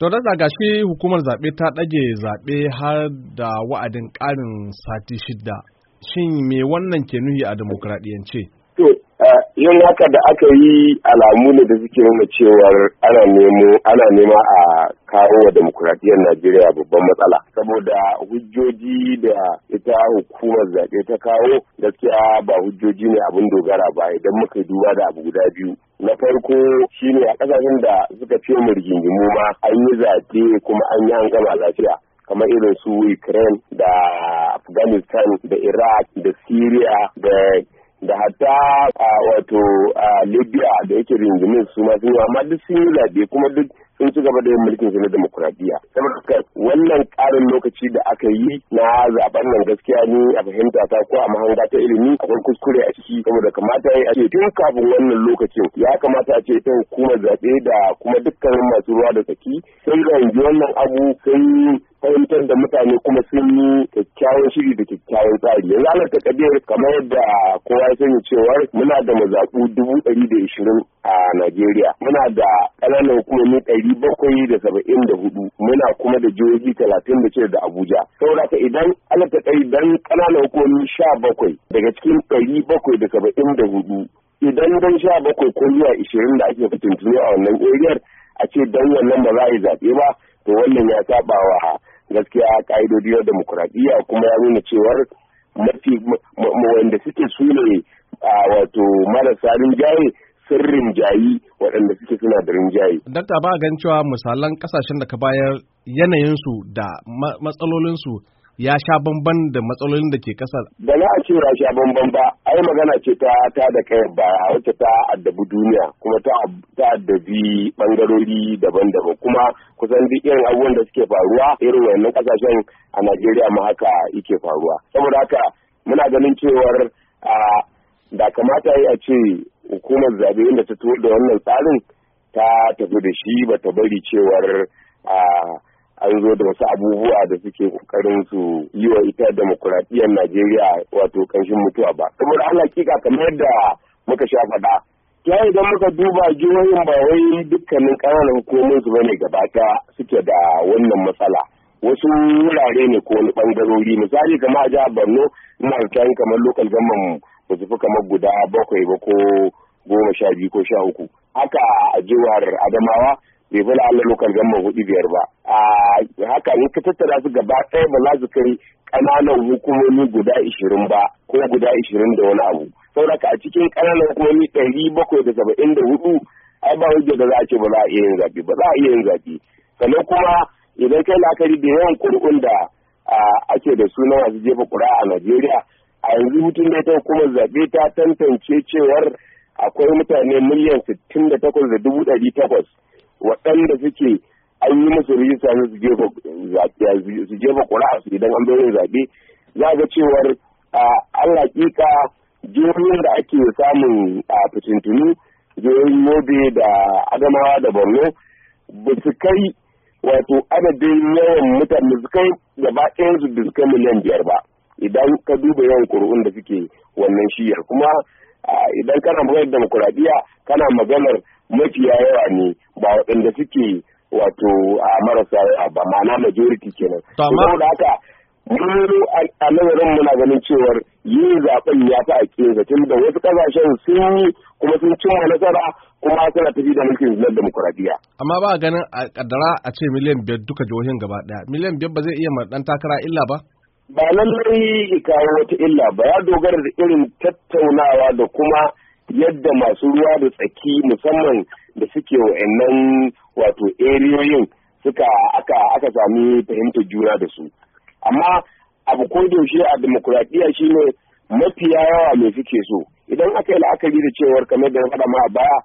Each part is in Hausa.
To da shi hukumar zaɓe ta ɗage zaɓe har da wa'adin ƙarin sati shidda Shin mai wannan ke nuhi a demokradiyance? To, yin haka da aka yi alamu ne da suke nuna cewar ana ana nema a kawo wa demokuraɗiyyar Najeriya babban matsala. Saboda hujjoji da ita hukumar zaɓe ta kawo gaskiya ba hujjoji ne abin dogara ba idan muka duba da abu guda biyu. Na farko shine a ƙasashen da suka fi mu rigingimu ma an yi zaɓe kuma an yi an gama lafiya. kamar irin su Ukraine da Afghanistan da Iraq da Syria da da hatta wato libya da yake rungumin su ma sun yi amma duk sun yi zaɓe kuma duk sun ci gaba da yin mulkin su na demokuraɗiyya saboda wannan ƙarin lokaci da aka yi na zaɓen nan gaskiya ni a fahimta ta ko a mahanga ta ilimi kan kuskure a ciki saboda kamata ya ce tun kafin wannan lokacin ya kamata a ce ta hukumar zaɓe da kuma dukkanin masu ruwa da saki. sai ga wannan abu sai fahimtar da mutane kuma sun yi kyakkyawan shiri da kyakkyawan tsari yanzu ana takadir kamar yadda kowa ya sani cewa muna da mazaɓu dubu ɗari da ishirin a Najeriya muna da ƙananan hukumomi ɗari bakwai da saba'in da hudu muna kuma da jihohi talatin da shida da Abuja saboda idan ana dan ƙananan hukumomi sha bakwai daga cikin ɗari bakwai da saba'in da hudu idan dan sha bakwai ko zuwa ishirin da ake fitintuni a wannan eriyar a ce dan wannan ba za a yi zaɓe ba to wannan ya saba wa gaskiya ka'idodi na demokuraɗiyya kuma ya nuna cewar mafi wanda suke su ne wato marasa rinjaye sun rinjayi waɗanda suke suna da rinjaye. Dakta ba gan cewa misalan ƙasashen da ka bayar yanayinsu da matsalolinsu ya sha bamban da matsalolin da ke kasar. Da na a ce ya sha bamban ba, ai magana ce ta ta da kai ba wacce ta addabi duniya kuma ta addabi bangarori daban-daban kuma kusan duk irin abubuwan da suke faruwa irin wannan kasashen a Najeriya ma haka yake faruwa. Saboda haka muna ganin cewar da kamata a ce hukumar zabe inda ta tuwo da wannan tsarin ta tafi da shi ba ta bari cewar an zo da wasu abubuwa da suke kokarin su yi wa ita demokuraɗiyyar Najeriya wato kanshin mutuwa ba. Saboda ana kika kamar yadda muka sha faɗa. Ya idan muka duba jihohin ba wai dukkanin ƙananan hukumomin su bane gabata suke da wannan matsala. Wasu wurare ne ko wani ɓangarori misali kamar a jihar Borno ina kyan kamar lokal government ba su fi kamar guda bakwai ba ko goma sha biyu ko sha uku. Haka a jihar Adamawa bai bala Allah lokal gamma hudu biyar ba a haka in ka tattara su gaba ɗaya ba za su kai ƙananan hukumomi guda ishirin ba ko guda ishirin da wani abu saboda a cikin ƙananan hukumomi ɗari bakwai da saba'in da hudu ai ba hujja da za a ce ba za a iya yin zaɓe ba za a iya yin zaɓe sannan kuma idan kai la'akari da yawan ƙuri'un da ake da suna masu jefa kura a Najeriya a yanzu mutum da ta hukumar zaɓe ta tantance cewar akwai mutane miliyan sittin da takwas da dubu ɗari takwas waɗanda suke an yi musu rijista ne su jefa su su idan an yin zaɓe za ga cewar Allah hakika jihohin da ake samun a fitintunu jihohin Yobe da Adamawa da Borno ba su kai wato adadin yawan mutane su kai gaba ɗayan su da kai miliyan biyar ba idan ka duba yawan ƙuri'un da suke wannan shiyar kuma idan kana maganar demokuraɗiyya kana maganar mafiya yawa ne ba waɗanda suke wato a marasa ba ma'ana majority kenan. Saboda haka mu a nazarin muna ganin cewar yin zaɓen ya fi aƙinsa tun da wasu ƙasashen sun yi kuma sun cimma nasara kuma suna tafi da mulkin na demokuraɗiyya. Amma ba a ganin a ƙaddara a ce miliyan biyar duka jihohin gaba ɗaya miliyan biyar ba zai iya ɗan takara illa ba? Ba lallai kawo wata illa ba ya dogara da irin tattaunawa da kuma yadda masu ruwa da tsaki musamman da suke wa'annan wato eriyoyin suka aka aka sami fahimtar juna da su amma abu ko yaushe a demokuraɗiyya shine mafiya yawa me suke so idan aka yi la'akari da cewar kamar da na ma a baya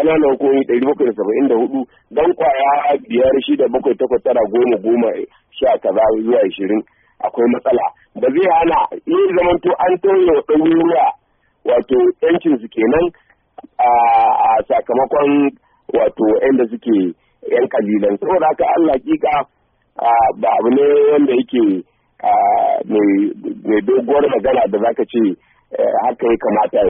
ƙananan hukumomi ɗari bakwai da saba'in da hudu don kwaya biyar shida bakwai takwas tara goma goma sha kaza zuwa ashirin akwai matsala ba zai hana yin zamanto an tauye wa ɗaruruwa wato yancin su kenan a sakamakon wato yanda suke yan kabilan saboda haka Allah kika ba abu ne wanda yake mai doguwar magana da zaka ce eh, haka ya kamata